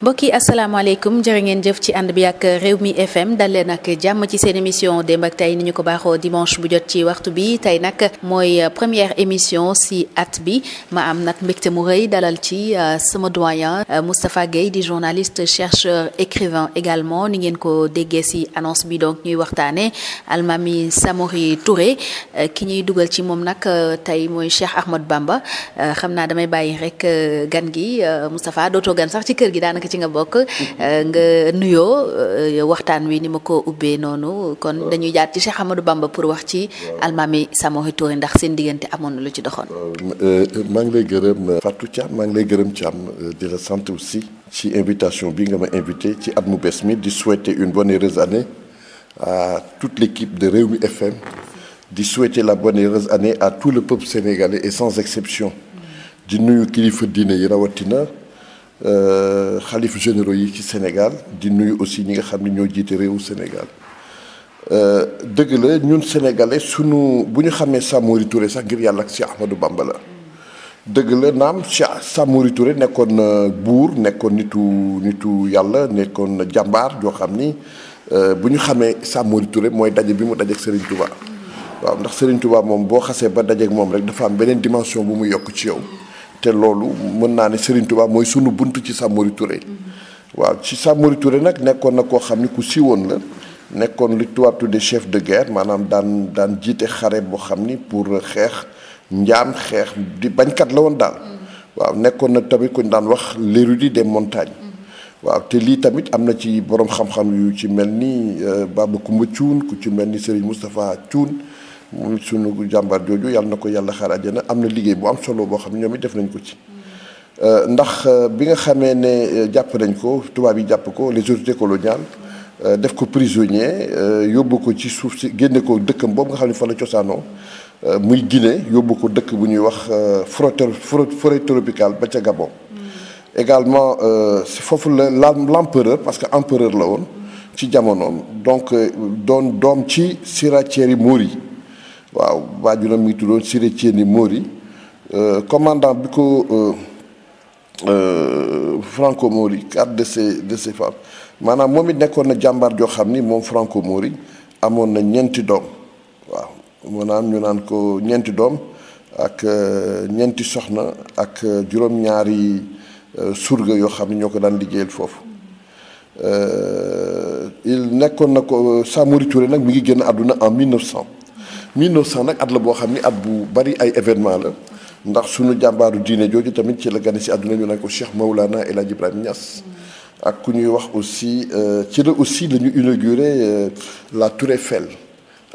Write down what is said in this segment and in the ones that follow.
mbokk yi asalaamaaleykum jërë ngeen jëf ci ànd bi ak réew mi FM dal leen ak jàmm ci seen émission démb tey ni ñu ko baaxoo dimanche bu jot ci waxtu bi tey nag mooy première émission si at bi ma am nag mbégte mu rëy dalal ci euh, sama doyen euh, Moustapha Guèye di journaliste chercheur écrivain également ni ngeen ko déggee si annonce bi donc ñuy waxtaane Almami Samori Touré euh, ki ñuy dugal ci moom nag tey mooy Cheikh Ahmad Bamba xam naa damay bàyyi rek gan gi Moustapha dootoo gan ci kër gi daanaka ci nga bokk euh, nga nuyoo euh, waxtaan wi ni ma ko ubbee noonu kon dañuy jaar ci Cheikh Amadou Bamba pour wax ci almaami Samori Touré ndax seen diggante amoon na lu ci doxoon euh, maa ngi lay gërëm Fatou Thiam maa ngi lay gërëm Thiam di la sant aussi ci invitation bi nga ma invité ci at mu bees mi di souhaiter une bonne heureuse année à toute l'équipe de Rewmi FM di souhaiter la bonne année à tout le peuple sénégalais et sans exception di nuyu kilifa diine yi rawatina Euh, xalif généraux yi ci Sénégal di nuyu aussi ñi nga xam ne ñoo jiite réewu Sénégal euh, dëgg la ñun sénégalais sunu bu ñu xamee Samori toure sax ngir yàlla ak Cheikh Ahmadou Bamba la dëgg la naam Cheikh Samori Touré nekkoon na buur nekkoon nitu nitu yàlla nekkoon na jàmbaar joo xam ni euh, bu ñu xamee Samori Touré mooy daje bi mu dajeeg Serigne Touba waaw ndax Serigne Touba moom boo xasee ba dajeeg moom rek dafa am beneen dimension bu mu yokk ci yow. te loolu mën naa ne Serigne Touba mooy sunu buntu ci Samori Touré. waaw ci Samori Touré nag nekkoon na koo xam ne ku siiwoon la nekkoon li tubaab tuddee chef de guerre maanaam daan daan jiite xare boo xam ni pour xeex njaam xeex di bañkat la woon daal. waaw nekkoon na tamit ku daan wax l'érudit des montagnes. waaw te lii tamit am na ci boroom xam-xam yu ci mel ni euh, Baba Coumba Thioune ku ci mel ni Serigne Moustapha Thioune. mu sunu jàmbar jooju yàlla na ko yàlla xaar àjjana am na liggéey bu am solo boo xam ne ñoom it def nañ ko ci. Euh, ndax euh, bi nga xamee ne euh, jàpp nañ ko tubaab yi jàpp ko les autorités coloniales def ko prisonnier yóbbu ko ci suuf si génne ko dëkkam boobu nga xam ne fa la cosaanoo muy Guinée yóbbu ko dëkk bu ñuy wax forêt forêt tropicale ba ca Gabon. également si foofu la l'empereur parce que empereur la woon ci jamonoom donc doon doom ci siratieri Mori waaw waajuram mi tuddoon Siré Thiéni Mori euh, commandant bi ko euh, euh, Franco Mori quatre de ses de ses femmes maanaam moom it nekkoon na jàmbaar joo xam ni moom Franco Mori amoon na ñeenti doom waaw maanaam ñu naan ko ñeenti doom ak ñeenti soxna ak juróom-ñaari surga yoo xam ne ñoo ko daan liggéeyal foofu il nekkoon na ko Samori Touré nag mi ngi génn àdduna en 1900. 1900 nag at la boo xam ni at bu bari ay événement la ndax suñu jàmbaaru diine jooju tamit ci la gane si àdduna ñu naan ko Cheikh Maulana El Hadj Ibrahima Niass ak ku ñuy wax aussi euh, ci la aussi la ñu inauguré euh, la Tour Eiffel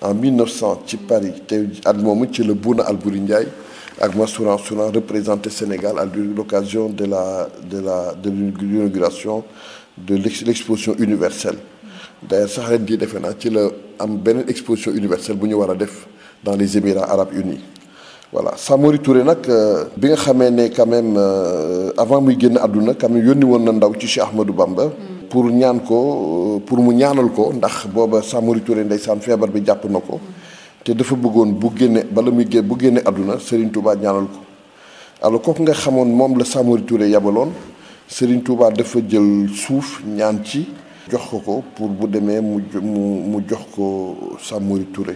en 1900 ci Paris te at moomu ci la Bouna Albouri Ndiaye ak Massouran Souran représenté Sénégal à l'occasion de la de la de l'inauguration de l'exposition universelle d'ailleurs sax ren jii defe naa ci la am benn exposition universelle bu ñu war a def dans les Émirats arabes unis voilà Samori Touré nag euh, bi nga xamee ne quand même euh, avant muy génn àdduna quand même woon na ndaw ci Cheikh Ahmadou Bamba mm. pour ñaan ko euh, pour mu ñaanal ko ndax booba Samori Touré ndeysaan feebar bi jàpp na ko mm. te dafa bëggoon bu génne bala muy génn bu génne àdduna Serigne Touba ñaanal ko alors kooku nga xamoon moom la Samori toure yabaloon Serigne Touba dafa jël suuf ñaan ci jox ko ko pour bu demee mu mu jox ko Samori Touré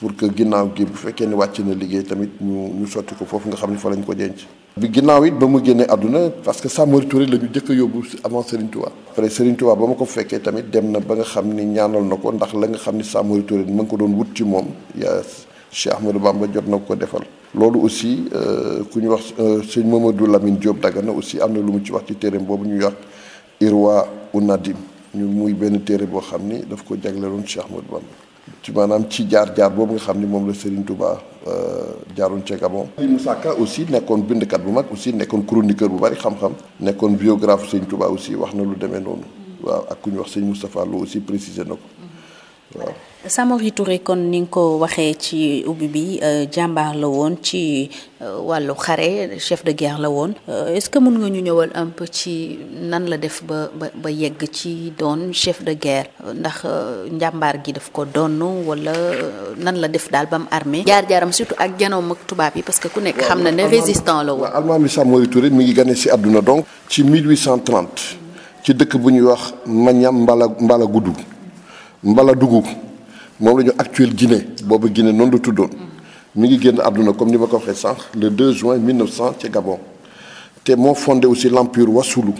pour que ginnaaw gi bu fekkee ni wàcc na liggéey tamit ñu ñu sotti ko foofu nga xam ne fa lañ ko denc. bi ginnaaw it ba mu génnee àdduna parce que Samori Touré la ñu jëkk yóbbu avant Serigne Touba. après Serigne Touba ba ma ko fekkee tamit dem na ba nga xam ni ñaanal na ko ndax la nga xam ni Samori yi ma ngi ko doon wut ci moom yaa Cheikh Ahmadou Bamba jot na ko defal. loolu aussi euh, ku ñu wax euh, sëñ Mamadou Lamine Diop Dagana aussi am na lu mu ci wax ci téereem boobu ñuy wax Irwa Unadim. ñu muy benn téere boo xam ni daf ko jagleeloon Cheikh Ahmadou Bamba ci maanaam ci jaar-jaar boobu nga xam ni moom la Serigne Touba euh, jaaroon ca Gabon. Moussa Ka aussi nekkoon bindkat bu mag aussi nekkoon chroniqueur bu bari xam-xam. nekkoon biographe Serigne Touba aussi wax na lu demee noonu. waaw ak ku ñu wax sëñ Moustapha Lo aussi précisé na ko waaw. Samori Touré kon ni nga ko waxee ci ubbi bi euh, jàmbaar la woon ci euh, wàllu xare chef de guerre la woon euh, est-ce que mën nga ñu ñëwal un peu ci nan la def ba ba ba yegg ci doon chef de guerre ndax njàmbaar gi daf ko donn wala nan la def daal bam mu armée jaar-jaaram surtout ak janoom ak tubaab yi parce que ku nekk xam na ne résistant la woon. waaw Almaami Samori Touré mi ngi gane si àdduna donc. ci 1830. ci dëkk bu ñuy wax Mañam Mbala Mbala Gudu Mbala Dugu. moom la ñu actuel Guinée boobu Guinée noonu lu tuddoon mi ngi génn àdduna comme ni ma ko waxee sànq le 2 juin 1900 ci Gabon te moo fondé aussi l'empire Wassoulou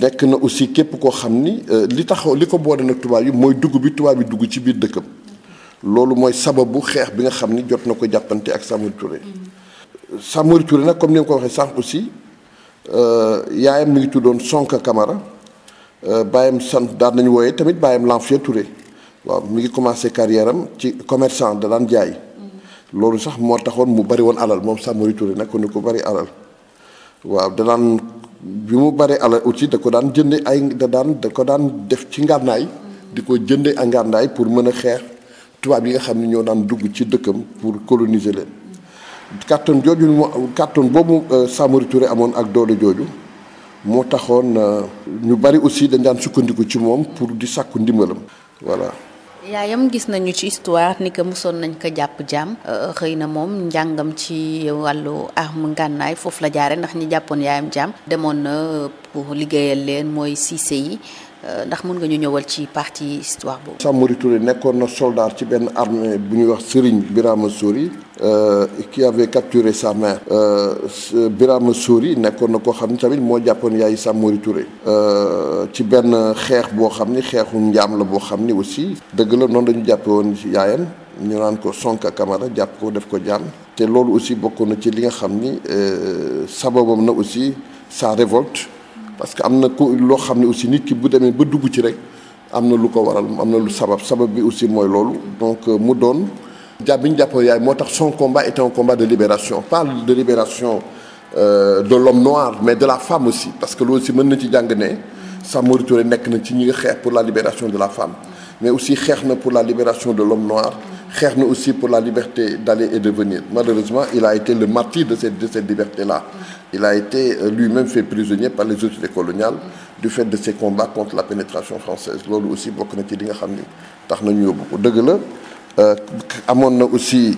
nekk na aussi képp koo xam ni euh, li taxaw li ko boole nag tubaab yi mooy dugg bi tubaab yi dugg ci biir dëkkam loolu mooy sababu xeex bi nga xam ni jot na ko jàppante ak Samori Touré Samori Touré nag comme ni ma ko waxee sànq aussi euh, yaayam mi ngi tuddoon Sonka Camara euh, baayam sant daan nañu wooyee tamit baayam Lanfia Touré waaw mi ngi commencé carrière am ci commerçant da daan jaay loolu sax moo taxoon mu bari woon alal moom Samori Touré nag ku ne ko bari alal waaw da daan bi mu bari alal aussi da ko daan jënde ay da daan da ko daan def ci ngànnaay di ko jënde ak ngànnaay pour mën a xeex tubaab yi nga xam ne ñoo daan dugg ci dëkkam pour coloniser leen kàttan jooju mu kàttan boobu euh, Samori Touré amoon ak doole jooju moo taxoon euh, ñu bari aussi dañ daan sukkandiku ci moom pour di sàkku ndimbalam voilà yaayam gis nañu ci histoire ni que mosoon nañ ko jàpp jaam euh, xëy na moom njàngam ci wàllu arme ngànnaay foofu la jaare ndax ñi jàppoon yaayam jaam demoon na euh, pour liggéeyal leen mooy Cissé yi euh, ndax mën nga ñu ñëwal ci partie histoire boobu. Samori Touré nekkoon na soldat ci benn armée bu ñuy wax Serigne Birama Sori Euh, qui avait capturé sa mère euh, Birame Souri nekkoon na koo xam ni tamit moo jàppoon yaay Samori Touré euh, ci benn xeex boo xam ni xeexu njaam la boo xam ni aussi dëgg la noonu dañu jàppee woon yaayam ñu naan ko a Camara jàpp ko def ko jaam te loolu aussi bokkoon na ci li nga xam ni euh, sababam na aussi sa révolte parce que am na ko loo xam ne aussi nit ki bu demee ba dugg ci rek am na lu ko waral am na lu sabab sabab bi aussi mooy loolu donc euh, mu doon jàpp bi ñu jàppoo yaay moo tax son combat était un combat de libération pas de libération euh, de l'homme noir mais de la femme aussi parce que loolu si mën na ci jàng ne Samori Touré nekk na ci ñi nga xeex pour la libération de la femme mais aussi xeex na pour la libération de l'homme noir xeex na aussi pour la liberté d'aller et de venir malheureusement il a été le martyr de cette liberté là il a été euh, lui-même fait prisonnier par les autorités coloniales du fait de ses combats contre la pénétration loolu aussi bokk na ci li nga xam ni tax nañu yóbbu ko dëgg la Euh, amoon na aussi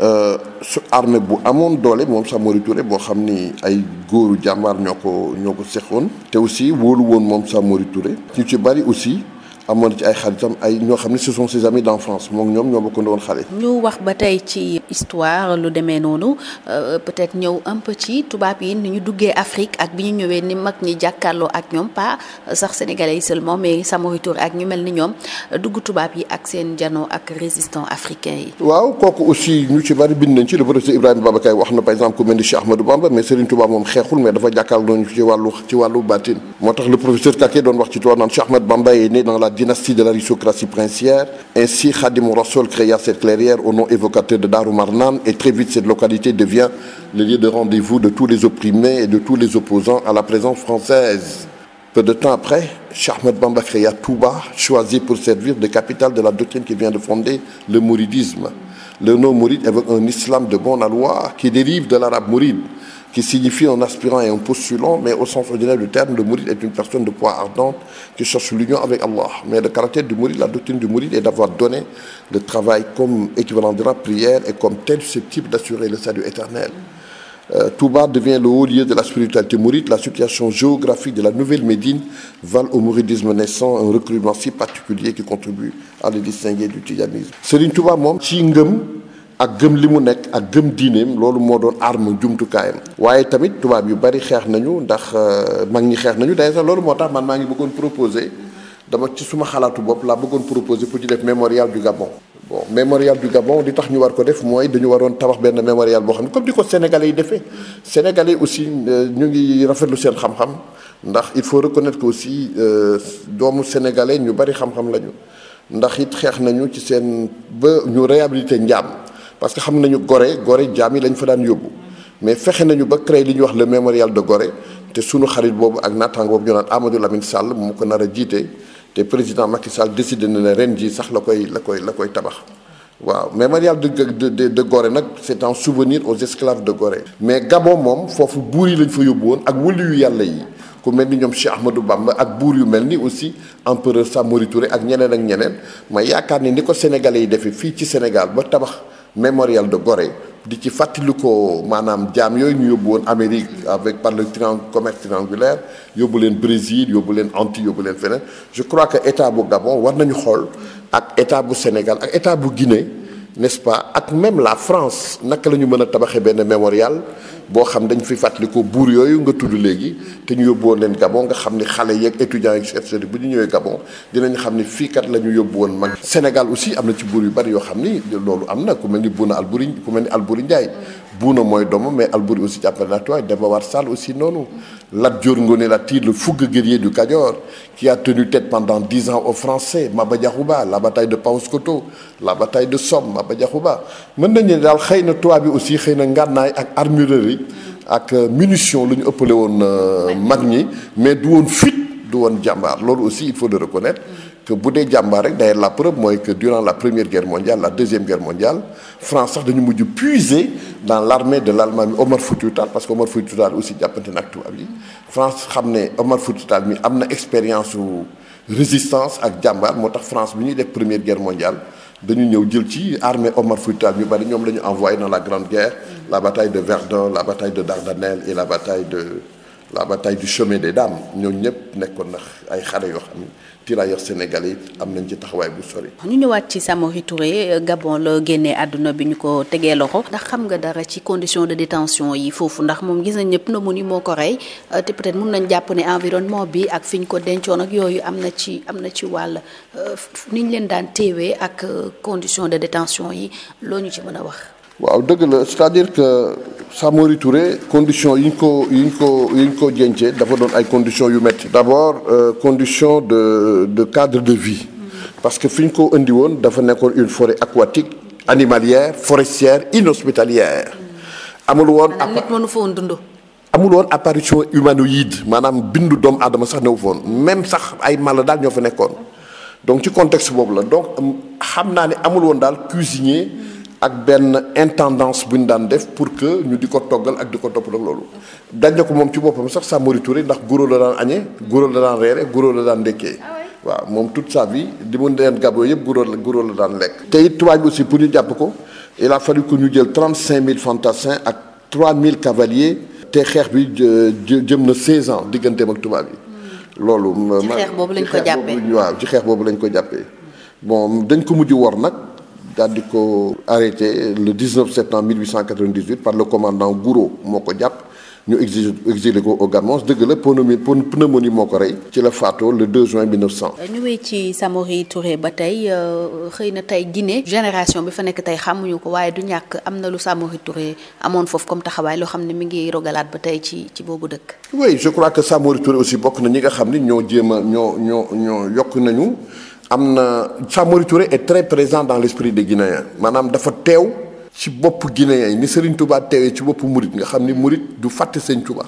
euh, su armée bu amoon doole moom Samori Touré boo xam ni ay góoru jàmbaar ñoo ko ñoo ko seqoon te aussi wóolu woon moom Samori Touré ñu ci bari aussi amoon na ci ay xaritam ay ñoo xam ne ce sont ses amis d'enfance moom ñoom ñoo bokkandoo woon xale. ñu wax ba tey ci histoire lu demee noonu euh, peut-être ñëw un peu ci tubaab yi ni ñu duggee Afrique ak bi ñu ñëwee ni mag ñi jàkkaarloo ak ñoom pas sax sénégalais yi seulement mais Samori Touré ak ñu mel ni ñoom dugg tubaab yi ak seen janoo ak résistants africains yi. waaw kooku aussi ñu ci bari bind nañ ci le professeur Ibrahima Babacar wax na par exemple ku mel ni Cheikh Ahmadou Bamba mais Serigne Touba moom xeexul mais dafa jàkkaarloo ñu ci wàllu ci wàllu baatin. moo tax le professeur Marnan et très vite cette localité devient le lieu de rendez-vous de tous les opprimés et de tous les opposants à la présence française. Peu de temps après, Ahmed Bamba créa Touba, choisi pour servir de capitale de la doctrine qui vient de fonder le mouridisme. Le nom mouride évoque un islam de bon aloi qui dérive de l'arabe mouride. qui signifie un aspirant et un postulant, mais au sens ordinaire du terme, le mourid est une personne de poids ardente qui cherche l'union avec Allah. Mais le caractère du mourid, la doctrine du mourid est d'avoir donné le travail comme équivalent de la prière et comme tel susceptible d'assurer le salut éternel. Euh, Touba devient le haut lieu de la spiritualité mouride. La situation géographique de la nouvelle Médine vale au mouridisme naissant un recrutement si ak gëm li mu nekk ak gëm diineem loolu moo doon arme jumtukaayam waaye tamit tubaab yu bari xeex nañu ndax euh, mag ñi xeex nañu day sax loolu moo tax man maa ngi bëggoon proposé dama ci suma xalaatu bopp laa bëggoon proposé pour ñu def mémorial du Gabon bon mémorial du Gabon li tax ñu war ko def mooy dañu waroon tabax benn mémorial boo xam ne comme di ko sénégalais yi defe sénégalais aussi euh, ñu ngi rafetlu seen xam-xam ndax il faut reconnaître que aussi euh, doomu sénégalais ñu bari xam-xam ndax it xeex nañu ci seen ba ñu réhabilité njaam parce que xam nañu Gorée Gorée jaam yi lañ fa daan yóbbu mais fexe nañu ba créé li ñuy wax le mémorial de Gorée te suñu xarit boobu ak naataango boobu ñu naan Amadou Lamine Sall mu ko nar a jiite te président Macky Sall décidé na ne ren jii sax la koy la koy la koy tabax. waaw mémorial de de de de Gorée nag c'est un souvenir aux esclaves de Gorée. mais Gabon moom foofu buur yi lañ fa yóbbu woon ak wëliyu yàlla yi. ku mel ni ñoom Cheikh Ahmadou Bamba ak buur yu mel ni aussi empereur Samori Touré ak ñeneen ak ñeneen ma yaakaar ni ni ko sénégalais yi defee fii ci Sénégal ba tabax. mémorial de Gorée di ci ko maanaam jaam yooyu ñu yóbbu woon Amérique avec par le triangle commerce triangulaire yóbbu leen Brésil yóbbu leen Antilles yóbbu leen feneen je crois que état bu Gabon war nañu xool ak état bu Sénégal ak état bu Guinée. n'est-ce pas ak même la France naka la ñu mën a tabaxee benn mémorial boo xam dañ fi fàttaliku buur yooyu nga tudd léegi te ñu yóbbu woon leen Gabon nga xam ni xale yeeg étudiants yi chercheurs yi bu ñu ñëwee Gabon dinañ xam ni fiikat kat ñu yóbbu woon mag Sénégal aussi am na ci buur yu bari yoo xam ni loolu am na ku mel ni Bouna Albouri ku mel ni Albouri Ndiaye Buuna mooy doomam mais Alboury aussi jàppale na toi Demba War Sall aussi noonu Lat Dior Ngoné Latyr le fougueux guerrier du Kajoor qui a tenu tête pendant dix ans aux Français Maba Diakhou Ba la bataille de Paoskoto la bataille de Somme Maba Diakhou Ba mën nañu ne daal xëy na tubaab bi aussi xëy na ngànnaay ak armurerie ak euh, munition lu ñu ëppale woon euh, mag ñi mais du woon fit du woon jàmbaar loolu aussi il faut le reconnaître que bu dee jàmbaar rek d'ailleurs la preuve mooy que durant la première guerre mondiale la deuxième guerre mondiale France sax dañu mujj puiser dans l'armée de l'Allemagne Omar Foutiyou Tall parce que Omar Foutiyou Tall aussi jàppante na ak tubaab yi France xam ne Omar Foutiyou Tall mi am na expérience su résistance ak jàmbaar moo tax France bi ñuy def première guerre mondiale dañu ñëw jël ci armée Omar Foutiyou Tall ñu bari ñoom la ñu envoyé dans la grande guerre la bataille de la bataille du chemin des dames ñooñu ñëpp nekkoon na ay xare yoo xam ne tirailleurs sénégalais it am nañ ci taxawaay bu sori. ñu ñëwaat ci Samori Touré Gabon la génnee àdduna bi ñu ko tegee loxo ndax xam nga dara ci condition de détention yi foofu ndax moom gis nañ ñëpp na mu ni moo ko rey te peut-être mun nañ jàpp ne environnement bi ak fi ko dencoon ak yooyu am na ci am na ci wàll euh, ni leen daan téewee ak condition de détention yi loo ñu ci mën a wax. waaw dëgg la c'est-à-dire que sa Touré conditions yi ñu ko yi ñu ko yi ñu ko dafa doon ay conditions yu métti. d'abord euh, condition de de cadre de vie. parce que fi ñu ko indi woon dafa nekkoon une forêt aquatique animalière forestière inhospitalière. amul woon nit mënu fa woon dund. amul woon apparition humanoïde maanaam bindu doom aadama sax newu foon même sax ay mala daal ñoo fa nekkoon donc ci contexte boobu la donc euh, xam naa ne amul woon daal cuisinier. ak benn intendance bu ñu daan def pour que ñu di ko toggal ak di ko topp loolu. dañ ko moom ci boppam sax Samori Touré ndax guro la daan añee guro la daan reere guro la daan ndekkee. Ah waaw moom tout sa vie li mu leen gaboo yëpp guro la guro la daan lekk. te it tubaab bi aussi pour ñu jàpp ko il a fallu que ñu jël trente cinq mille fantassins ak trois mille cavaliers. te xeex bi jëm na seize ans digganteem ak tubaab yi. loolu. ci xeex boobu lañ ko jàppee waaw ci xeex boobu lañ ko jàppee. bon dañ ko mujj wor nag. daal di ko arrêté le 19 septembre 1898 par le commandant Gouraud moo ko jàpp ñu exi exilé ko au Garmos dëgg la pneumonie pneumonie moo ko rey ci la faatoo le 2 juin 1900. ñu wéy ci Samori Touré ba tey euh, xëy na tey Guinée génération bi fa nekk tey xamuñu ko waaye du ñàkk am na lu Samori Touré amoon foofu comme taxawaay loo xam ne mi ngi rogalaat ba tey ci ci boobu dëkk. oui je crois que Samori Touré aussi bokk na ñi nga xam ni ñoo jéem a ñoo ñoo ñoo yokk nañu. am na Samori Touré est très présent dans l' de des maanaam dafa teew ci bopp Guinéens yi ni Serigne Touba teewee ci boppu Murit nga xam ni Murit du fàtte sëñ Touba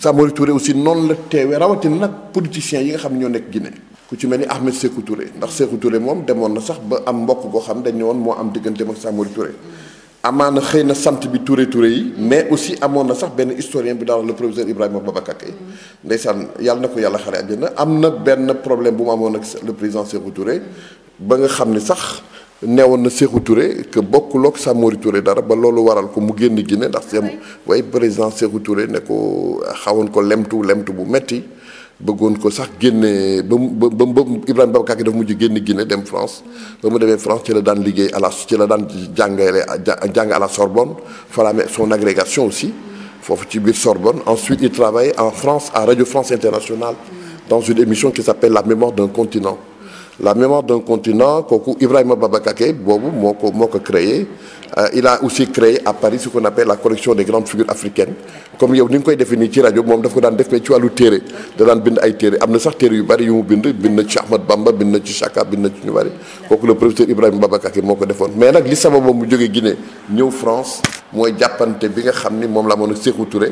Samori Touré aussi noonu la teewee rawatina nag politiciens yi nga xam ne ñoo nekk Guinée. ku ci mel ni Ahmed Sékou Touré ndax Sékou Touré moom demoon na sax ba am mbokk goo xam dañ ne woon moo am digganteem ak Samori Touré. amaana xëy na sant bi Touré Touré yi mais aussi amoon na sax benn historien bi daan le professeur Ibrahima Babacar Kay ndeysaan yàlla na ko yàlla xare àjjana am na benn problème bu mu amoon nag le président Sékou ture ba nga xam ni sax neewoon na Sékou Touré que bokkulook Samori Touré dara ba loolu waral ko mu génn Guinée ndax seen way président Sékou Touré ne ko xawoon ko lemtu lemtu bu metti bëggoon ko sax génne ba mu ba ba mu Babacar ki dafa mujj génn Guinée dem France ba mu demee France ci la daan liggéey à la ci la daan jàngale jàng à la Sorbonne fa la amee son agrégation aussi foofu ci biir Sorbonne ensuite il travaillait en France à Radio France Internationale dans une émission qui s'appelle la mémoire d'un continent la mémoire d'un continent kooku Ibrahima Babacar boobu moo ko moo ko créé Euh, il aussi créé à Paris ce qu'on la collection des grandes figures africaines comme yow ni nga koy defee nii ci rajo moom daf ko daan def mais ci wàllu téere da daan bind ay téere am na sax téere yu bari yu mu bind bind na ci Ahmad Bamba bind na ci Chaka bind na ci ñu bari kooku le professeur Ibrahima Babakaki moo ko defoon mais nag li sababoo mu jógee Guinée ñëw France mooy jàppante bi nga xam ni moom la amoon ak Sékou Touré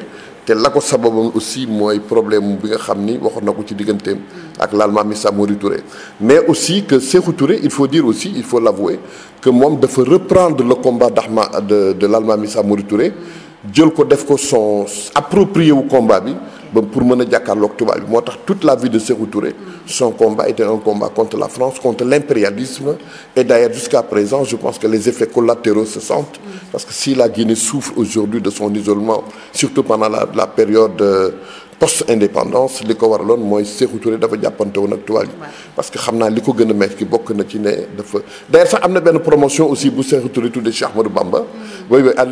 te la ko sababam aussi mooy problème bi nga xam ni waxoon na ko ci digganteem ak l'Allemagne Samori Touré mais aussi que Sékou Touré il faut dire aussi il faut l'avouer que moom dafa reprendre la combat d'Ahma de de l'Allemagne Samori jël ko def ko son approprié wu combat bi ba pour mën a jàkkaarloog tubaab bi moo tax toute la vie de Sékou Touré son combat était un combat contre la France contre l'impérialisme et d'ailleurs jusqu'à présent je pense que les effets collatéraux se sentent parce que si la Guinée souffre aujourd'hui de son isolement surtout pendant la, la période euh, post indépendance li ko waraloon mooy Sékou Touré dafa jàppante woon ak tubaab yi parce que xam naa li ko gën a metti ki bokk na ci ne dafa d'ailleurs sax am na benn promotion aussi bu Sékou Touré tuddee Cheikh Ahmadou Bamba booy mm. booy à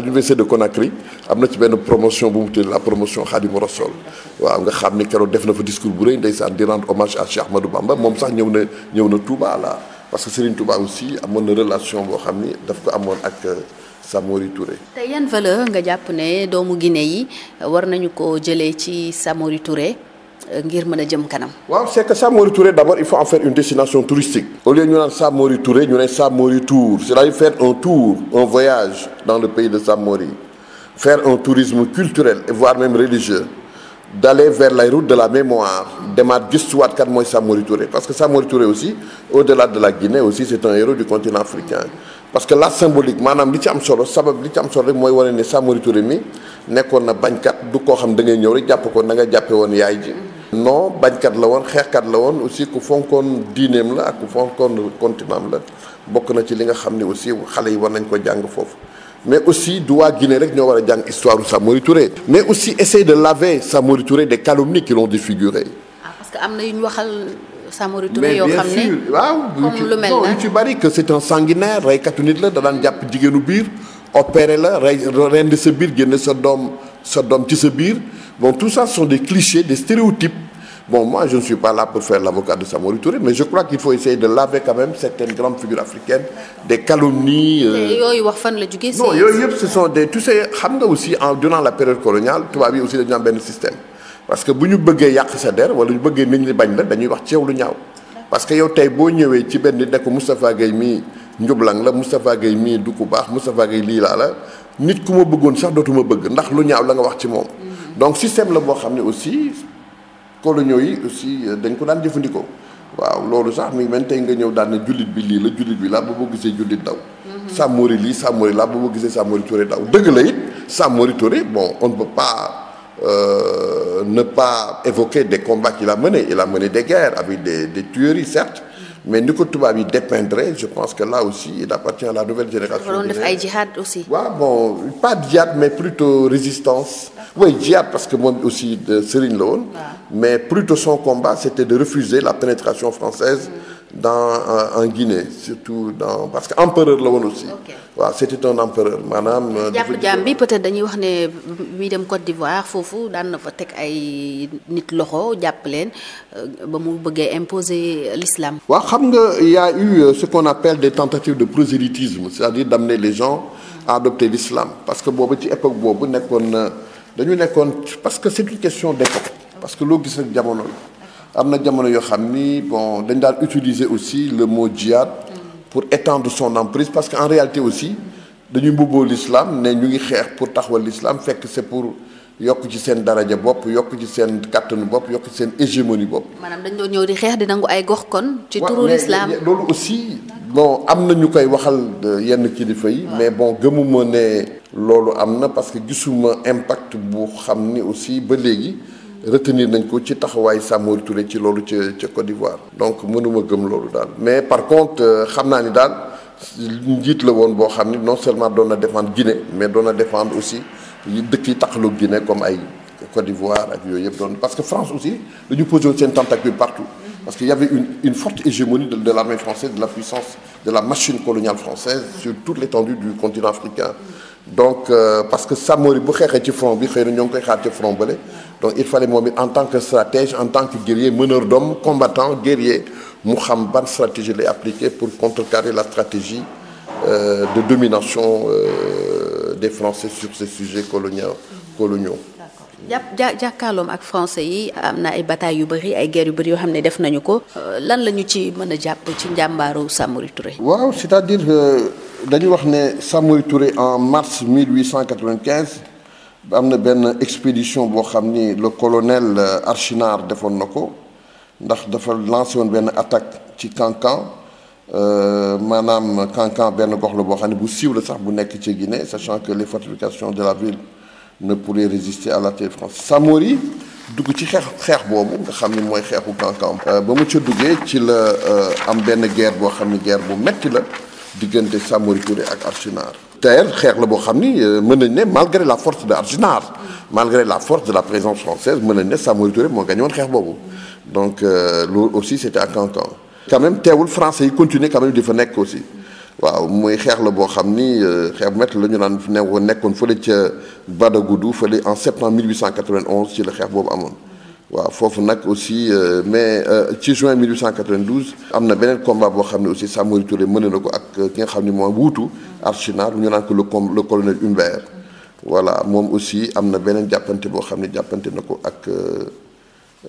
l'université de Conakry am na ci benn promotion bu mu tuddee la promotion Khadimou Rassoul waaw nga xam ni keroog def na fa discours bu rëy ndeysaan di rendre hommage à Cheikh Ahmadou Bamba moom sax ñëw na ñëw na Touba la parce que Serigne Touba aussi amoon na boo xam ni daf ko amoon ak euh, Samori Touré. tey yan valeur nga jàpp ne doomu Guinée yi war nañu ko jëlee ci Samori Touré euh, ngir mën a jëm kanam. waaw c'est que Samori Touré d'abord il faut en faire une destination touristique. au lieu ñu naan Samori Touré ñu ne Samori Tour c'est-à-dire faire un tour un voyage dans le pays de Samori faire un tourisme culturel et voire même religieux. d'aller vers les routes de la mémoire demaat gëstuwaat kat mooy Samori Touré parce que Samori Touré aussi au-delà de parce que la symbolique maanaam li ci am solo sabab li ci am solo rek mooy wane ni Samori Touré mi nekkoon na bañkat du koo xam da ngay ñëw rek jàpp ko na nga jàppe woon yaay ji non bañkat la woon xeexkat la woon aussi ku fonkoon diineem la ak ku fonkoon continent am la bokk na ci li nga xam ne aussi xale yi war nañ ko jàng foofu mais aussi du waa Guinée rek ñoo war a jàng histoire u Samori Touré mais aussi essayer de laver Samori Touré des calomnies qui l'ont défiguré ah parce Samori Touré yoo xam ne ci bari que c'est un sanguinaire reykatu nit la da daan jàpp jigéenu biir opéré la rey rendi sa biir génne sa doom sa ci sa biir bon tout ça sont des clichés des stéréotypes bon moi je ne suis pas là pour faire l'avocat de Samori mais je crois qu'il faut essayer de laver quand même certaines grandes figures africaines des calomnies. te euh, yooyu wax fan la jugee. non yooyu yëpp ce sont des tu sais en durant la période coloniale tubaab yi aussi dañu am benn système. parce que bu ñu bëggee yàq sa der wala ñu bëggee nit ñi bañ la dañuy wax ci yow lu ñaaw parce que yow tey boo ñëwee ci benn nit ne ko Moustapha Gueye mii njublang la Moustapha Gueye mii du ku baax Moustapha Gueye lii laa la nit ku ma bëggoon sax dootuma bëgg ndax lu ñaaw la nga wax ci moom donc système la boo xam ne aussi coloniaux yi aussi dañ ko daan jëfandikoo waaw loolu sax mi man tey nga ñëw daan ne jullit bi lii la jullit bi laa ba boo gisee jullit daw mhm. Samori lii Samori laa ba boo gisee Samori Touré daw dëgg la it Samori Touré bon on euh, ne pas évoquer des combats qu'il a menés. Il a mené des guerres avec des, des tueries, certes, mais ni ko tubaab yi dépeindrait je pense que là aussi il appartient à la nouvelle génération. waroon def ay jihad aussi. waaw ouais, bon pas jihad mais plutôt résistance. oui jihad parce que moom aussi de euh, Serigne la woon. mais plutôt son combat c'était de refuser la pénétration française. Mm. dans euh, en Guinée surtout dans parce que empereur la woon aussi. waaw c'était un empereur maanaam. Euh, jàpp jaam bi peut-être dañuy wax ne muy dem Côte d'Ivoire foofu daan na fa teg ay nit loxo jàpp leen euh, ba mu bëggee imposer l'islam. waaw xam nga il y a eu ce qu'on appelle des tentatives de prosélytisme c'est-à-dire d'amener les gens à adopter l'islam parce que boobu ci époque boobu nekkoon na dañu nekkoon parce que c'est une question d'époque parce que loo gis rek jamono am na jamono yoo xam ni bon dañ daan utiliser aussi le mot djihad pour étendre son emprise parce que en réalité aussi dañuy mbubboo lislaam ne ñu ngi xeex pour taxawal l'islam fekk c'est pour yokk ci seen daraja bopp yokk ci seen kàttanu bopp yokk ci seen hégémonie bopp. maanaam dañ doon ñëw di xeex di nangu ay gox kon. ci turu l'islam loolu aussi. bon am na ñu koy waxal yenn kilifa yi. mais bon gëmuma ne. loolu am na parce que gisuma impact bu xam ni aussi ba léegi. retenir nañ ko ci taxawaay Samory Touré ci loolu ca ca Côte d'Ivoire. donc mënuma gëm loolu daal mais par contre euh, xam naa ni daal njiit la woon boo xam ni non seulement doon na défendre Guinée mais doon na défendre aussi dëkk yi taxalu Guinée comme ay Côte d'Ivoire ak yooyu yëpp doon parce que France aussi dañu posé woon seen tentacule partout. parce qu'il y avait une forte hégémonie de, l'armée française de la puissance de la machine coloniale donc euh, parce que Samori bu xeexee ci front bi xëy na ñoo ngi koy xaar ci front bële donc il fallait moom it en tant que stratège en tant que guerrier meneur d'homme combattant guerrier mu xam ban stratégie lay appliquer pour contrecarrer la stratégie euh, de domination euh, des Français sur ces sujets coloniaux coloniaux jàpp jàkkaarloom ak français yi am na ay bataille yu bëri ay guerre yu bëri yoo xam ne def nañu ko euh, lan lañu ci mën a jàpp ci njàmbaaru Samori Touré. waaw c'est-à-dire que dañu wax ne Samori Touré en mars 1895 am na benn expédition boo xam ni le colonel euh, Archinard defoon na ko ndax dafa lancé woon benn attaque ci Cancan. Euh, maanaam Cancan benn gox la boo xam ne bu siiw la sax bu nekk ci Guinée sachant que les fortifications de la ville ne pourrait résister à la tête de France Samori dugg ci xeex xeex boobu nga xam ni mooy xeexu Kankan euh, ba mu ca duggee ci la euh, am benn guerre boo xam ni guerre bu metti la diggante Samori Touré ak Archinard teer xeex la boo xam ni euh, mën nañ ne malgré la force de Archinard malgré la force de la présence française mën nañ ne Samori Touré moo gagné xeex boobu donc loolu aussi c'était à Kankan quand même teewul français yi continuer quand même di fa nekk aussi waaw muy xeex la boo xam ni euh, xeex bu métti la ñu naan ne nekkoon fële ca Badagoudou fële en septembre 1891 ci la xeex boobu amoon waaw foofu nag aussi euh, mais euh, ci juin 1892 am na beneen combat boo xam ne aussi Samori Touré mëne na ko ak ki nga xam ni moo wuutu Archinard ñu naan ko le le colonel Humbert voilà moom aussi am na beneen jàppante boo xam ne jàppante na ko ak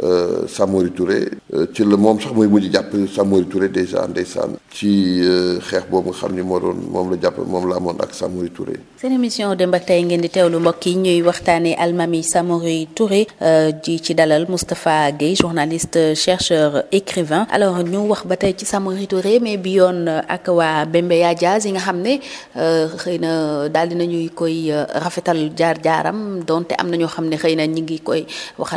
Euh, Samori Touré euh, ci la moom sax mooy mujj jàpp Samori Touré déjà ndeysaan ci euh, xeex boobu nga xam ni moo doon moom la jàpp moom la amoon ak Samori Touré. seen émission démb ak tey ngeen di teew lu mbokk yi ñuy waxtaanee almami Samori Touré di ci dalal Moustapha Guèye journaliste chercheur écrivain alors ñu wax ba tey ci Samori Touré mais bi yoon ak waa Bembeya Jazz yi nga xam ne xëy na daal di nañuy koy rafetal jaar jaaram donte am na ñoo xam ne xëy na ñu ngi koy wax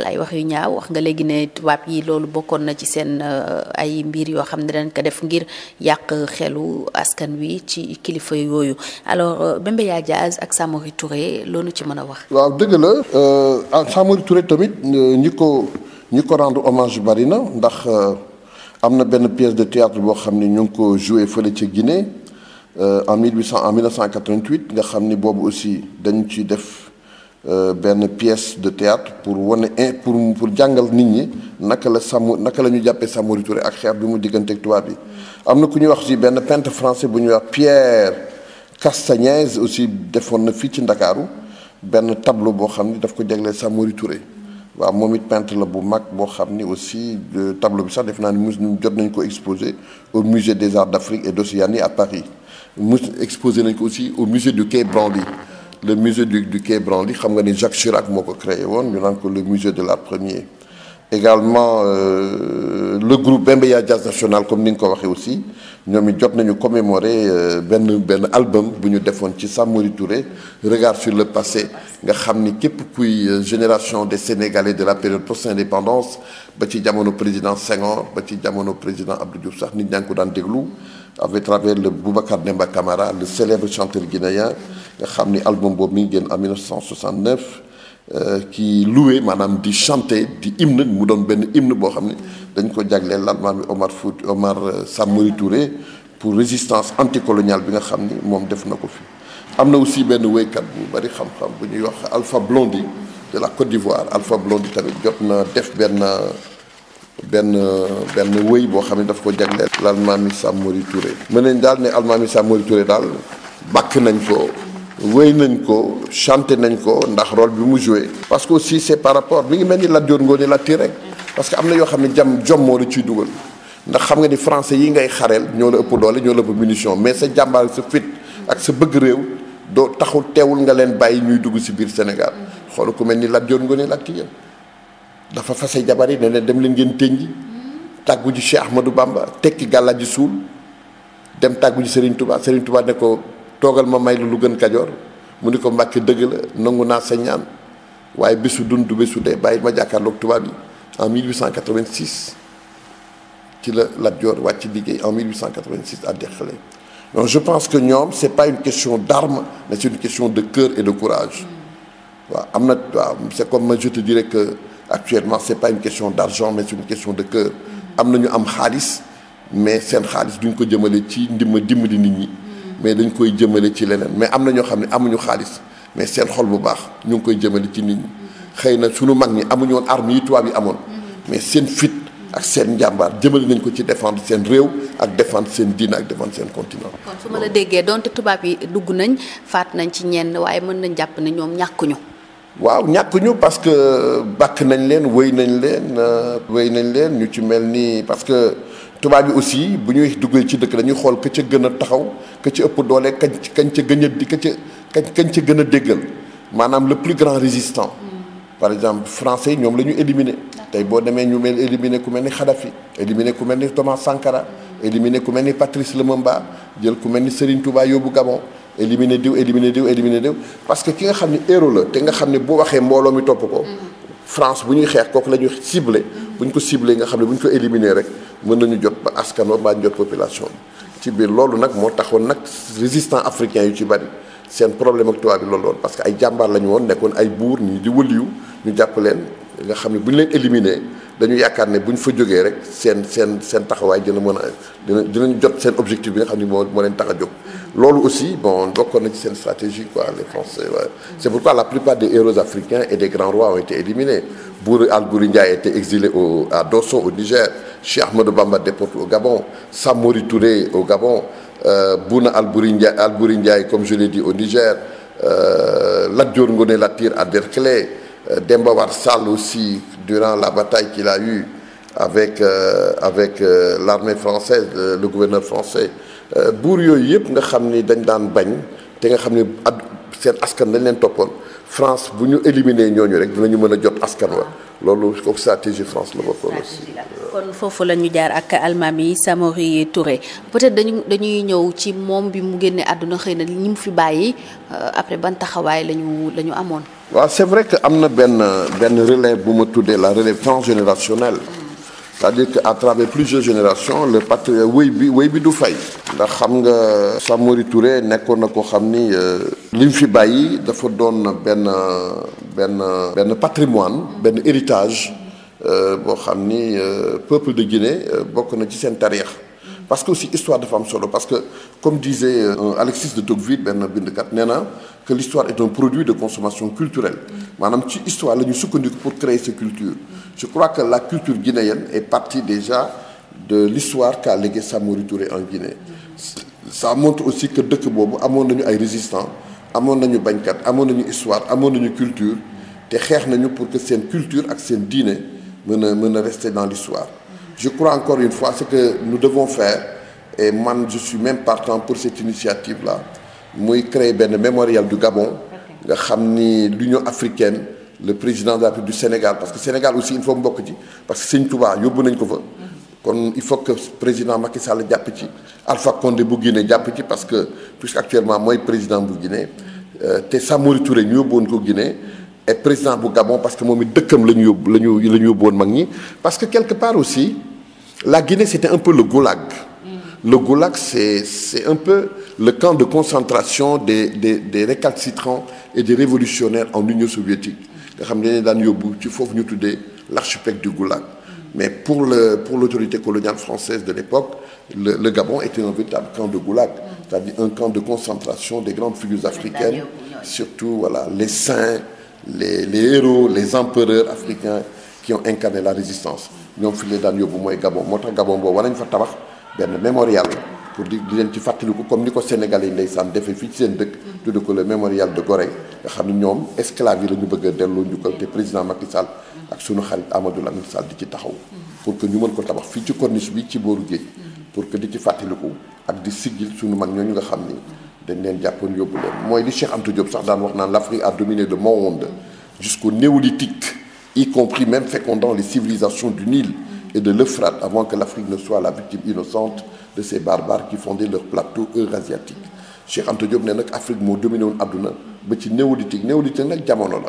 léegi ne tubaab yi loolu bokkoon na ci seen euh, ay mbir yoo xam ne dañ ko def ngir yàq xelu askan wi ci kilifa yooyu alors euh, Bembeya Diaz ak Samori Touré loolu ci mën a wax. waaw dëgg la euh, ah, Samori Touré tamit ñi ko ñi ko rendre hommage bari na ndax am na benn pièce de théâtre boo xam ne ñu ngi ko joué fële ca Guinée en 1800 en 1988 nga xam ni boobu aussi dañu ci def. Euh, benn pièce de théâtre pour wane pour pour jàngal nit ñi naka la sàmm naka la ñu jàppee Samori Touré ak xeex bi mu digganteeg tubaab bi am na ku ñuy wax si benn peintre français bu ñuy wax Pierre Castagnès aussi defoon na fii ci Ndakaaru benn tableau boo xam ni daf ko jagleel Samori Touré waaw moom it peintre la bu mag boo xam ni aussi euh, tableau bi sax def naa ni mus jot nañ ko exposé au musée des arts d'Afrique et d'Océanie à Paris mus exposé nañ ko aussi au musée du Quai Branly le musée du, du Quai Branly xam nga ni Jacques Chirac moo ko créé woon ñu naan ko le musée de l'art premier également euh, le groupe Bembeya Jazz National comme ni nga ko waxee aussi ñoom i jot nañu commémorer euh, benn benn album bu ñu defoon ci Samori Touré regard sur le passé nga xam ni képp kuy euh, génération des Sénégalais de la période post-indépendance ba ci jamono président Senghor ba ci jamono président Abdou Diouf sax nit ñaa ngi ko daan déglu avec travers le Boubacar Demba Camara le célèbre chanteur nga xam ni album boobu mi ngi génn en 1969 ki loué maanaam di chanter di hymne mu doon benn hymne boo xam ne dañ ko jagleel l'Allemagne bi Omar Fout Omar euh, Samori Touré pour résistance anticoloniale bi nga xam ni moom def na ko fi. am na aussi benn wéykat bu bari xam-xam bu ñuy wax Alpha Blondy de la Côte d'Ivoire Alpha Blondy tamit jot na def benn benn benn wéy boo xam ne daf ko jagleel. l'Almaami Samori Touré. mën nañ daal ne Almaami Samori Touré daal bàkk nañ ko. wéy nañ ko chanté nañ ko ndax rôle bi mu joué. parce que si c'est par rapport mi ngi mel ni Lat Dior Ngoné Latyr rek parce que am na yoo xam ne jam jom moo la ciy dugal ndax xam nga ni français yi ngay xareel ñoo la ëpp doole ñoo la ëpp munition mais sa jàmbaar sa fit ak sa bëgg réew doo taxul teewul nga leen bàyyi ñuy dugg si biir Sénégal xool ko mel ni Lat Dior Ngoné Latyr dafa fase jabar yi ne leen dem leen ngeen tënji tàggu ji Cheikh Ahmadou Bamba tekki gàllaa ji suul dem tàggu ji Serigne Touba Serigne Touba ko toogal ma may lu gën kajoor mu ni ko mbàkke dëgg la nangu naa sa ñaan waaye bésu dund bésu dee bàyyi ma jàkkaarloog tubaab yi en 1886 ci la Lat Joor wàcc liggéey en 1886 à Derklé donc je pense que ñoom c'est pas une question d'armes mais une question de cœur et de courage waaw am na waaw c'est comme je te dirais que actuellement c'est pas une question d'argent mais une question de cœur am na ñu am xaalis mais seen xaalis duñ ko jëmale ci ndimma dimbali nit ñi mais dañ koy jëmale ci leneen mais am na ñoo xam ne amuñu xaalis mais seen xol bu baax ñu ngi koy jëmale ci nit xëy na sunu mag ñi amuñu woon armes yi tubaab yi amoon mais seen fit ak seen njàmbaar jëmale nañ ko ci défendre seen réew ak défendre seen diine ak défendre seen continent. kon su ma la déggee donte tubaab yi dugg nañ faat nañ ci ñenn waaye mën nañ jàpp ne ñoom ñàkkuñu. waaw ñàkkuñu parce que euh, bàkk nañ leen wéy nañ leen euh, wéy nañ leen ñu ci mel nii parce que. tubaab yi aussi bu ñuy duggee ci dëkk dañuy xool ka ca gën a taxaw ka ca ëpp doole kañ kañ ca gën a di ka ca kañ ca gën a déggal maanaam le plus grand résistant mm. par exemple français ñoom lañu ñu tey boo demee ñu mel éliminé ku mel ni Kadhafi éliminé ku mel ni Thomas Sankara mm. éliminé ku mel ni Patrice Lumumba jël ku mel ni Serigne Touba yóbbu Gabon éliminé diw éliminé diw éliminé diw parce que ki nga xam ne héros la te nga xam ne bu waxee mbooloo mi topp ko mm. France bu ñuy xeex kooku la ñuy ciblé bu ñu ko ciblé nga xam ne bu ñu ko éliminé rek mën nañu jot ba askan wa mbaa jot population ci biir loolu nag moo taxoon nag résistant africain yu ci bari seen problème ak tubaab bi loolu que ay jàmbaar la woon nekkoon ay buur ñii di wëliw ñu jàpp leen nga xam ne bu ñu leen éliminé dañu yaakaar ne bu ñu fa jógee rek seen seen seen taxawaay dina mën a dina dinañ jot seen objectif bi nga xam ne moo moo leen tax a jóg loolu aussi bon bokkoon na ci seen stratégie quoi les Français c'est pourquoi la plupart Bouri Albouri Ndiaye était exilé au, à Dosso au Niger, Cheikh Ahmadou Bamba déporté au Gabon, Samori Touré au Gabon, euh, Bouna Albouri Ndiaye, Albouri Ndiaye, comme je l'ai dit, au Niger, euh, Lat Dior Ngoné Latir à Berkeley, euh, Demba Warsal aussi, durant la bataille qu'il a eue avec, euh, avec euh, l'armée française, le, euh, le, gouverneur français. Euh, buur yooyu yëpp nga xam ni dañ daan bañ te nga xam ni seen askan dañ leen toppoon France bu ñu éliminer ñooñu rek dinañu mën a jot askan wa loolu kooku stratégie France la bokkoon kon foofu la ñu jaar ak almaami Samori Touré peut-être dañu dañuy ñëw ci moom bi mu génnee àdduna xëy na ñi mu fi bàyyi euh, après ban taxawaay la ñu la amoon. waa c'est vrai que am na benn benn relève bu ma tuddee la relève transgénérationnelle mm. c'est-à-dire que à travers plusieurs générations le patriote wéy bi wéy bi du fay. ndax xam nga Samori Touré nekkoon na ko xam ni euh, li mu fi bàyyi dafa doon benn benn benn patrimoine benn héritage euh, boo xam ni euh, peuple de Guinée bokk na ci seen tarix parce que aussi histoire dafa am solo parce que comme disait Alexis de Tocqueville benn bindkat nee na que l'histoire est un produit de consommation culturelle maanaam ci histoire la ñu sukkandiku pour créer sa culture je crois que la culture guinéenne est partie déjà de l'histoire qu'a légué Samori Touré en Guinée ça montre aussi que dëkk boobu amoon nañu ay résistants amoon nañu bañkat amoon nañu histoire amoon nañu culture te xeex nañu pour que seen culture ak seen diine mën a mën a rester dans l'histoire je crois encore une fois ce que nous devons faire et man je suis même partant pour cette initiative la muy créer benn mémorial du Gabon nga xam ni l'Union africaine le président de la République du Sénégal parce que Sénégal aussi il faut mu bokk ci parce que Sëñ Touba yóbbu nañ ko fa kon il faut que président Macky Sall jàpp ci Alpha Condé bu Guinée jàpp ci parce que puisque actuellement mooy président bu Guinée euh, te Samori Touré ñu yóbbu woon ko Guinée et président bu Gabon parce que moom it dëkkam la ñu yóbbu la ñu la ñu yóbbu woon mag ñi parce que quelque part aussi la Guinée c'était un peu le goulag. Mm. le goulag c'est un peu le camp de concentration des des des récalcitrants et des révolutionnaires en Union soviétique nga xam ne daan yóbbu ci foofu ñu tuddee l'archipel du goulag. Mais pour l'autorité pour coloniale française de l'époque, le, le, Gabon était un véritable camp de goulag, c'est-à-dire un camp de concentration des grandes figures africaines, surtout voilà, les saints, les, les héros, les empereurs africains qui ont incarné la résistance. ñoom fi leen daan yóbbu mooy Gabon moo tax Gabon boobu war nañ fa tabax benn mémorial pour di di leen ci fàttaliku comme ni ko Sénégalais yi ndeysaan defee fii se seen dëkk. tudd ko le mémorial xam ne ñoom ñu bëgg a président Macky Sall. ak suñu xarit Amadou Lamine Sall di ci taxaw pour que ñu mën ko tabax fii ci corniche bi ci booru géej pour que di ci fàttaliku ak di siggil sunu mag ñooñu nga xam ni dañ leen jàppoon yóbbu la mooy li Cheikh Anta Diop sax daan wax naan l'Afrique a dominé le monde jusqu'au néolithique y compris même fécondant les civilisations du Nil et de l'Euphrate avant que l'Afrique ne soit la victime innocente de ces barbares qui fondaient leur plateau eurasiatique Cheikh Anta Diop ne nag Afrique moo dominé woon àdduna ba ci néolithique néolithique nag jamono la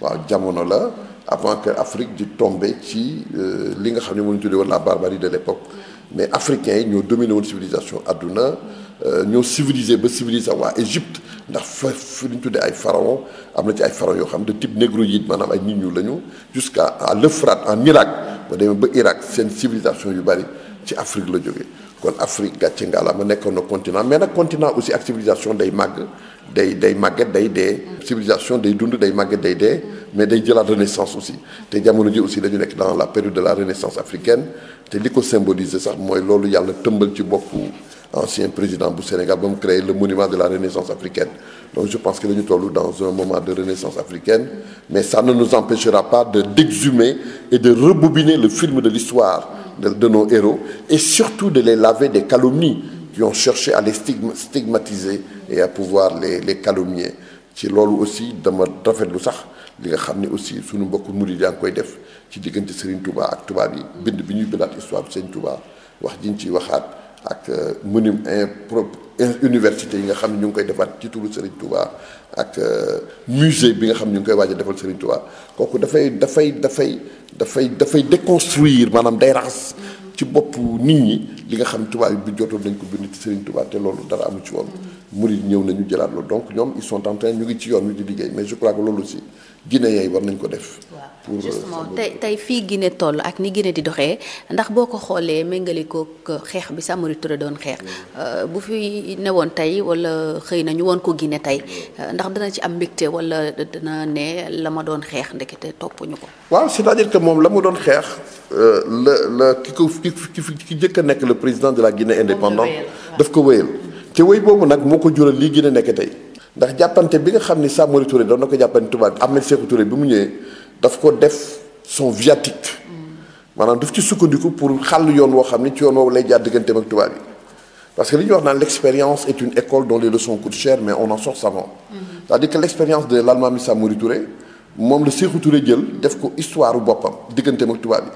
waaw jamono la avant que Afrique di tombé ci euh, li nga xam ne mooy ñu tuddee woon la barbarie de l'époque mais africain yi ñoo dominé woon civilisation adduna euh, ñoo civilisé ba civilisé waa Égypte ndax fa fi ñu tuddee ay pharaon am na ci ay pharaon yoo xam de type négroïde maanaam ay nit ñu lañu jusqu'à à l'Euphrate en Irak ba demee ba Irak seen civilisation yu bari ci Afrique la jóge kon Afrique gàcce ma nekkoon na continent mais nag continent aussi ak civilisation day màgg. day day màgget day dee. civilisation day dund day màgget day dee mais day jëlaat renaissance aussi te jamono ji aussi dañu nekk dans la période de la renaissance africaine te li ko symboliser sax mooy loolu yàlla tëmbal ci boppu ancien président bu Sénégal ba mu créé le monument de la renaissance africaine donc je pense que dañu toll dans un moment de renaissance africaine mais ça ne nous empêchera pas de d'exhumer et de rebobiner le film de l'histoire de, de nos héros et surtout de les qui ont cherché à les stigmatiser et à pouvoir les les calomnier ci loolu aussi dama lu sax li nga xam ne aussi suñu mbokku murid yaa ngi koy def ci diggante Serigne Touba ak tubaab yi bind bi ñuy bindaat histoire bi Serigne Touba wax jiñ ciy waxaat ak euh, mënum université yi nga xam ne ñu ngi koy defaat ci turu Serigne Touba ak euh, musée bi nga xam ñu ngi koy waaj a defal Serigne Touba kooku dafay dafay dafay dafay dafay déconstruire maanaam day raxas ci bopp nit ñi li nga xam tubaab bi jotoon nañ ko bind ci Serigne te loolu dara amu ci woon. Mm-hmm. murid ñëw nañu jëlaat loolu donc ñoom ils sont ñu ngi ci yoon wi di liggéey mais je crois loolu aussi Guinée yi war nañ ko def. pour euh, justement tey tey fii Guinée toll ak ni Guinée di doxee ndax boo ko xoolee méngale ko xeex bi Samori Touré doon xeex euh, bu fi newoon tey wala xëy na ñu woon ko Guinée tey euh, ndax dana ci am mbégte wala dana ne la ma doon xeex ndekete ñu ko. waaw c'est-à-dire moom la mu doon xeex la la ki ko ki ki njëkk a nekk le président de la Guinée indépendante daf ko wéyal te wéy boobu nag moo ko jural lii Guinée nekk tey. ndax jàppante bi nga xam ni Samori Touré doon na ko jàppante tubaab Ahmed Sékou Touré bi mu ñëwee daf ko def son viatique maanaam daf ci sukkandiku pour xàll yoon woo xam ni ci yoon woowu lay jaar digganteem ak tubaab yi parce que li ñuy wax naan l' expérience est une école dont les leçons coûtent cher mais on en sort savant. c' est dire que l' expérience de l' Almaami Samori Touré moom la Sékou Touré jël def ko histoire boppam digganteem ak tubaab yi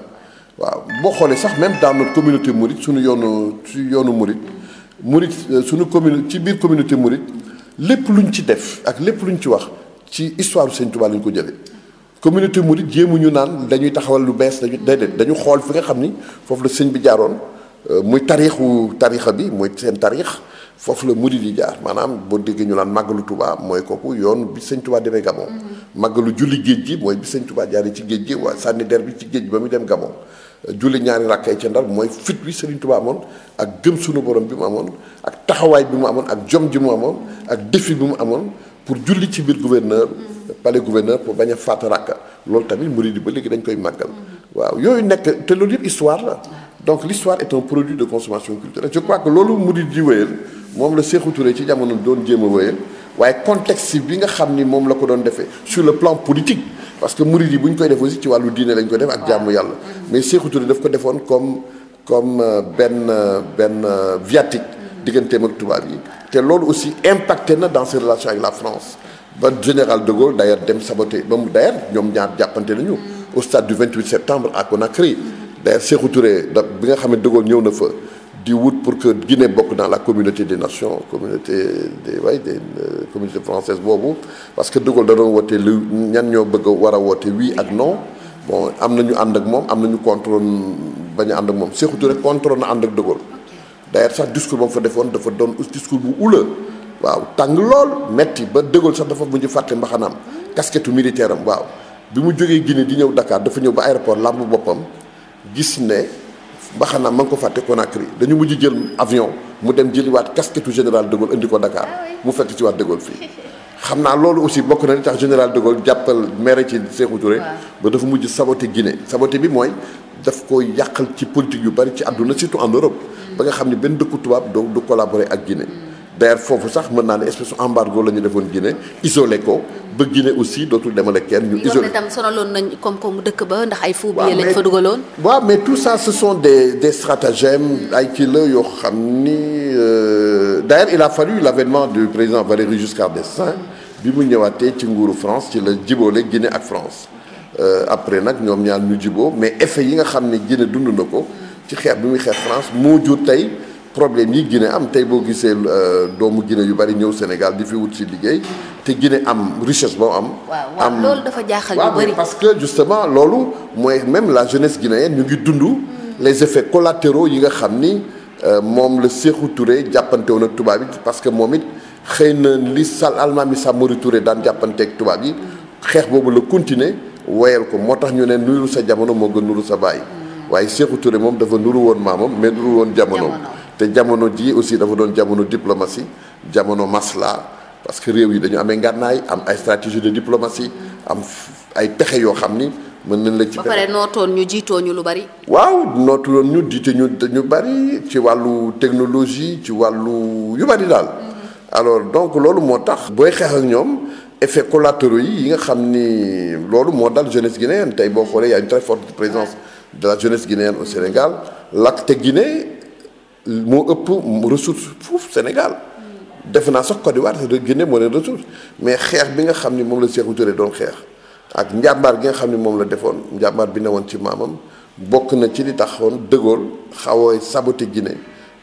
waaw boo xoolee sax même dans notre communauté mouride suñu yoonu ci yoonu mouride mouride euh, ci biir communauté mouride. lépp lu luñ ci def ak lépp lu ñu ci wax ci histoire u Sëñ Tuubaa lañ ko jëlee communauté murid ñu naan dañuy taxawal lu bees dañu déedéet dañu xool fi nga xam ni foofu la sëñ bi jaaroon euh, muy tariixu tariixa bi mooy seen tariix foofu la murid yi jaar maanaam boo déggee ñu naan màggalu tubaa mooy kooku yoon bi sëñ Tuubaa demee Gabon mm-hmm. màggalu julli géej gi mooy bi sëñ Tuubaa jaaree ci géej gi waa sànni der bi ci géej ba muy dem Gabon julli ñaari rakkay ca ndar mooy fit wi Serigne Touba amoon ak gëm sunu borom bi mu amoon ak taxawaay bi mu amoon ak jom ji mu amoon ak défi bi mu amoon pour julli ci biir gouverneur palais gouverneur pour bañ a fàtt rakk loolu tamit murid yi ba léegi dañ koy màggal waaw yooyu nekk te loolu yëpp histoire la donc l'histoire est un produit de consommation culturelle je crois que loolu murid di wéyal moom la Sékou Touré ci jamono doon jéem a wéyal waaye contexte bi nga xam ni moom la ko doon defee sur le plan politique parce que murid yi bu ñu koy def aussi ci wàllu diine lañ ko def ak jàmm yàlla mais Sékou Touré daf ko defoon comme comme euh, benn benn euh, viatique digganteem ak tubaab yi te loolu aussi impacté na dans ses relations avec la France ba général de Gaulle d'ailleurs dem saboté ba mu d'ailleurs ñoom ñaar jàppante nañu au stade du 28 septembre à Conakry d'ailleurs Sékou Touré da bi nga xam ne de ñëw na fa di wut pour que Guinée bokk dans la communauté des nations communauté des way des euh, communauté française boobu parce que De Gaulle da doon woote lu ñan ñoo bëgg war a woote oui ak non bon am na ñu ànd ak moom am na ñu contre bañ a ànd ak moom Sékou Touré contre na ànd ak De Gaulle d'ailleurs sax discours ba mu fa defoon dafa doon discours bu ula waaw tàng lool metti ba De sax dafa mujj fàtte mbaxanaam casquette militaire am waaw bi mu jógee Guinée di ñëw Dakar dafa ñëw ba aéroport boppam gis ne. mbaxanaam ma ngi ko fàtte Conakry dañu mujj jël avion mu dem jëliwaat casquette général de Gaulle indi ko Dakar ah mu fekk ci waat de fii. xam naa loolu aussi bokk na li tax général de Gaulle jàppal maire ci Sékou Touré. ba dafa mujj saboté Guinée saboté bi mooy. daf ko yàqal ci politique yu bari ci àdduna surtout en Europe. Mm. ba nga xam ne benn dëkku tubaab doo du collaborer ak Guinée. Mm. d'ailleurs foofu sax mën naa ne espèce embargo la ñu defoon Guinée isolé ko ba Guinée aussi dootul demale kenn ñu isolé tam sonaloon nañ comme comme dëkk ba ndax ay faux billets lañ fa dugaloon waaw mais tout ça ce sont des des stratagèmes ay kii la yoo xam ni euh, d'ailleurs il a fallu l'avènement du président Valéry Giscard d'Estaing bi mu ñëwaatee ci nguuru France ci la jiboo le Guinée ak France euh, après nag ñoom ñaar ñu jiboo mais effet yi nga xam ne Guinée dund na ko ci xeex bi muy xeex France moo tey problème yi Guinée am tey boo gisee euh, doomu gine yu bari ñëw Sénégal di fi wut si liggéey te gine am richesse boo am. am loolu dafa jaaxal parce que justement loolu mooy même la jeunesse guinéenne ñu ngi dund. Mm. les effets yi nga xam ni euh, moom la Sékou Touré jàppante woon ak tubaab yi parce que moom it xëy na li Sall Almaami Samori Touré daan jàppanteeg tubaab yi xeex boobu la continuer woyal ko moo tax ñu ne nuyul sa jamono moo gën nuru sa bàyyi mm. waaye Sékou Touré moom dafa nuru woon maamam mais nuru woon jamonoom. te jamono ji aussi dafa doon jamono diplomatie jamono masla parce que réew yi dañu amee ngànnaay am ay stratégie de diplomatie am ay pexe yoo xam ni mën nañ la ci ba pare nootoon ñu jiitoo ñu lu bari. waaw nootoon ñu jiite ñu dañu bari ci wàllu technologie ci wàllu yu bari daal. Mm-hmm. alors donc loolu moo tax. booy xeex ak ñoom effet collatéraux yi yi nga xam ni loolu moo dal jeunesse guinéenne tey boo xoolee y a une très forte présence de la jeunesse guinéenne au Sénégal moo ëpp ressource foofu Sénégal defe naa sax Côte d'Ivoire te Guinée moo leen ressource mais xeex bi nga xam ni moom la Sékou Touré doon xeex ak njàmbaar gi nga xam ni moom la defoon njàmbaar bi ne woon ci maamam bokk na ci li taxoon De Gaulle xawooy saboté Guinée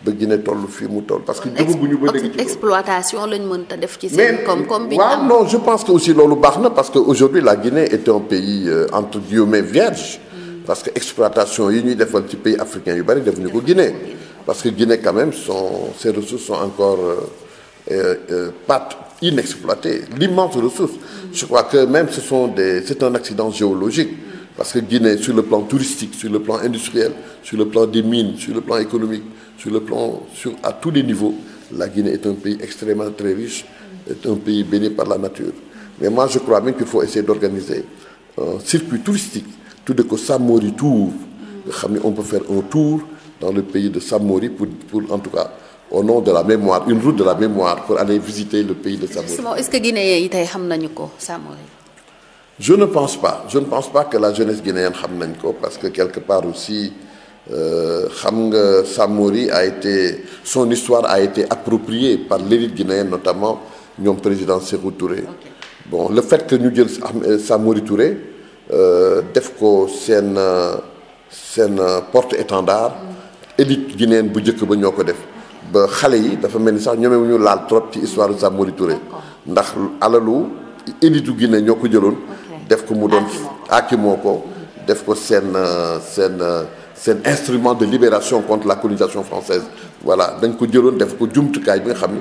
ba Guinée toll fii mu toll parce que jógaguñu ba léegi ci exploitation lañ mën te def ci seen koom-koom bi waaw non je pense que aussi loolu baax na parce que aujourd'hui la Guinée est un pays euh, entre guillemets vierge mm. parce que exploitation yi ñuy defal ci pays africain yu bëri defuñu ko Guinée parce que Guinée quand même, son, ses ressources sont encore euh, euh, euh pas inexploitées, l'immense ressource. Je crois que même ce c'est un accident géologique, parce que Guinée, sur le plan touristique, sur le plan industriel, sur le plan des mines, sur le plan économique, sur le plan sur, à tous les niveaux, la Guinée est un pays extrêmement très riche, est un pays béni par la nature. Mais moi, je crois même qu'il faut essayer d'organiser un circuit touristique, tout de que ça dans le pays de Samori pour, pour en tout cas au nom de la mémoire une route de la mémoire pour aller visiter le pays de Samori. Justement, est-ce que guinéen yi tey xam ko Samori. je ne pense pas je ne pense pas que la jeunesse guinéenne xam nañ ko parce que quelque part aussi euh, xam euh, nga Samori a été son histoire a été appropriée par l'élite guinéenne notamment ñoom président Sékou Touré. Okay. bon le fait que ñu jël euh, Samori Touré euh, def ko seen seen porte étendard. Mm. élite guinéenne bu njëkk ba ñoo ko def ba xale yi dafa mel ni sax ñoomewuñu laal trop ci histoire de Samori Touré ndax alalu élitu Guinée ñoo ko jëloon def ko mu doon aakimoo ko def ko seen seen seen instrument de libération contre la colonisation française voilà dañ ko jëloon def ko jumtukaay bi nga xam ni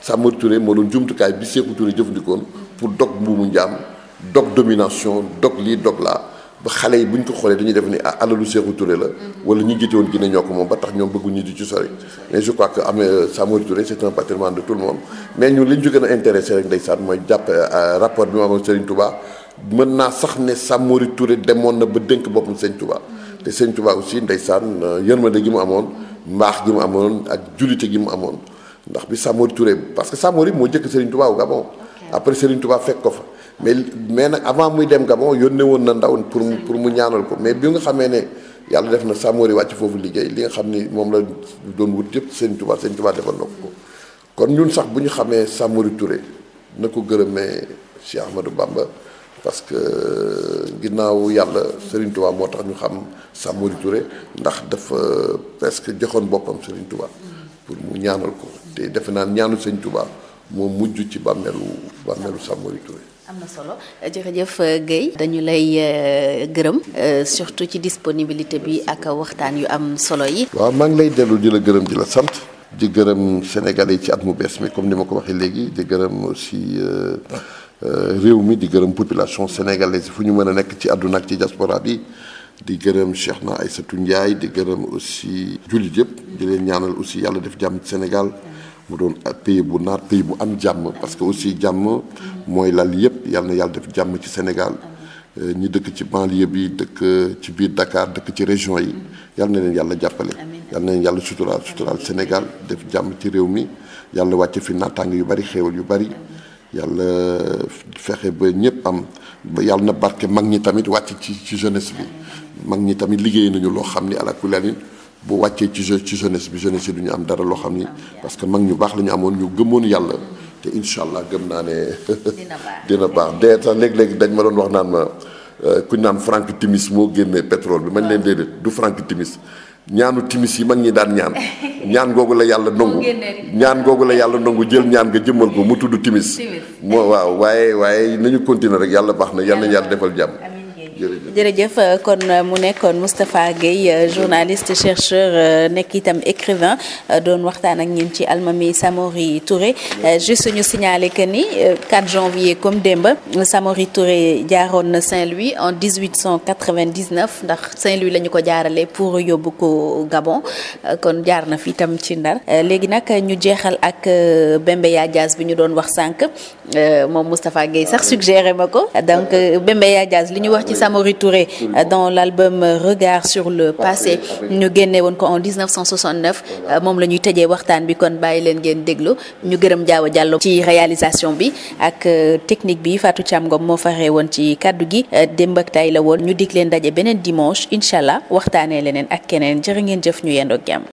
Samori Touré moo doon jumtukaay bi Sékou Touré jëfandikoon pour dog mbuumu njaam dog domination dog lii dog laa xale yi bu ñu ko xoolee dañuy def ni ah, alalu Sékou Touré la mm-hmm. wala ñu jiite woon Guinée ñoo ko moom ba tax ñoo bëgguñu di ci sori mais je crois que am euh, Samuel Touré c'est un patrimoine de tout le monde mais ñun li ñu a intéressé rek ndeysaan mooy jàpp euh, euh, rapport bi ma amoon Serigne Touba mën naa sax ne Samuel Touré demoon na ba dénk boppam Serigne Touba mm-hmm. te Serigne Touba aussi ndeysaan yërmande gi mu amoon mbaax gi mu amoon ak julite gi mu amoon ndax bi Samuel Touré parce que Samuel moo jëkk Serigne Touba au Gabon après Serigne Touba fekk ko fa mais mais nag avant muy dem nga Gabon yónnee woon na ndaw pour mu pour mu ñaanal ko mais bi nga xamee ne yàlla def na Samori wàcc foofu liggéey li nga xam ni moom la doon wut yëpp seen tubaab seen tubaab defal na ko kon ñun sax bu ñu xamee Samori Touré na ko gërëmee Cheikh Ahmadou Bamba parce que ginnaaw yàlla Serigne Touba moo tax ñu xam Samori Touré ndax dafa presque joxoon boppam Serigne Touba pour mu ñaanal ko te defe naa ñaanu Serigne Touba moo mujj ci bàmmeelu bàmmeelu Samori Touré. am na solo jërëjëf euh, Guèye dañu lay euh, gërëm euh, surtout ci disponibilité bi ak waxtaan yu am solo yi. waaw maa ngi lay dellu di la gërëm di la sant. di gërëm Sénégalais yi ci at mu bees mi comme ni ma ko waxee léegi di gërëm aussi réew mi di gërëm population sénégalaise fu ñu mën a nekk ci àdduna ak ci diaspora bi di gërëm Cheikhna Aïssatou Ndiaye di gërëm aussi jullit yëpp di leen ñaanal aussi yàlla def jàmm Sénégal. mu doon pays bu naat pays bu am jàmm parce que aussi jàmm mooy lal yëpp yàlla na yàlla def jàmm ci Sénégal euh, ñi dëkk ci banlieue bi dëkk ci biir dakaar dëkk ci région yi yàlla na leen yàlla jàppale yàlla na leen yàlla suturaal suturaal Sénégal def jàmm ci réew mi yàlla wàcc fi naataange yu bari xéewal yu bari yàlla fexe ba ñëpp am ba yàlla na barke mag ñi tamit wàcc ci ci jeunesse bi mag ñi tamit liggéey nañu loo xam ni àla kulaalin bu wàccee ci ci jeunesse bi jeunesse du ñu am dara loo xam ni parce que mag ñu baax la amoon ñu gëmoon yàlla te incha allah gëm naa ne dina baax dee sax léeg-léeg dañ ma doon wax naan ma euh, ku kuñ am Frank Timis moo génnee pétrole bi mañ leen déedéet du Frank Timis ñaanu timis yi mag ñi daan ñaan ñaan googu la yàlla nangu ñaan googu la yàlla nangu jël ñaan nga jëmmal ko mu tudd timis moo waaw waaye waaye nañu continuer rek yàlla baax na yàlla yàlla defal jàmm jërëjëf jëf kon mu nekkoon Moustapha Guèye journaliste chercheur nekk itam écrivain doon waxtaan ak ñun ci Almami Samori Touré juste suñu signaler que ni 4 janvier comme démba Samori Touré jaaroon na Saint-Louis en 1899 ndax Saint-Louis la ñu ko jaarale pour yóbbu ko Gabon kon jaar na fi itam ci Ndar léegi nag ñu jeexal ak euh, Bembeya Diaz bi ñu doon wax sànq euh, moom Moustapha Guèye sax ah suggéré ma ko donc euh, Bembeya Diaz li ñu wax ci Samori Touré dans l'album Regard sur le passé ñu génne woon ko en 1969 euh, moom la ñuy tëjee waxtaan bi kon bàyyi leen ngeen déglu ñu gërëm Diawa Diallo ci réalisation bi ak euh, technique bi Fatou Thiam Ngom moo faree woon ci kaddu gi euh, démb ak tay la woon ñu dig leen daje beneen dimanche incha allah waxtaanee leneen ak keneen jërë ngeen jëf ñu yendoog jàmm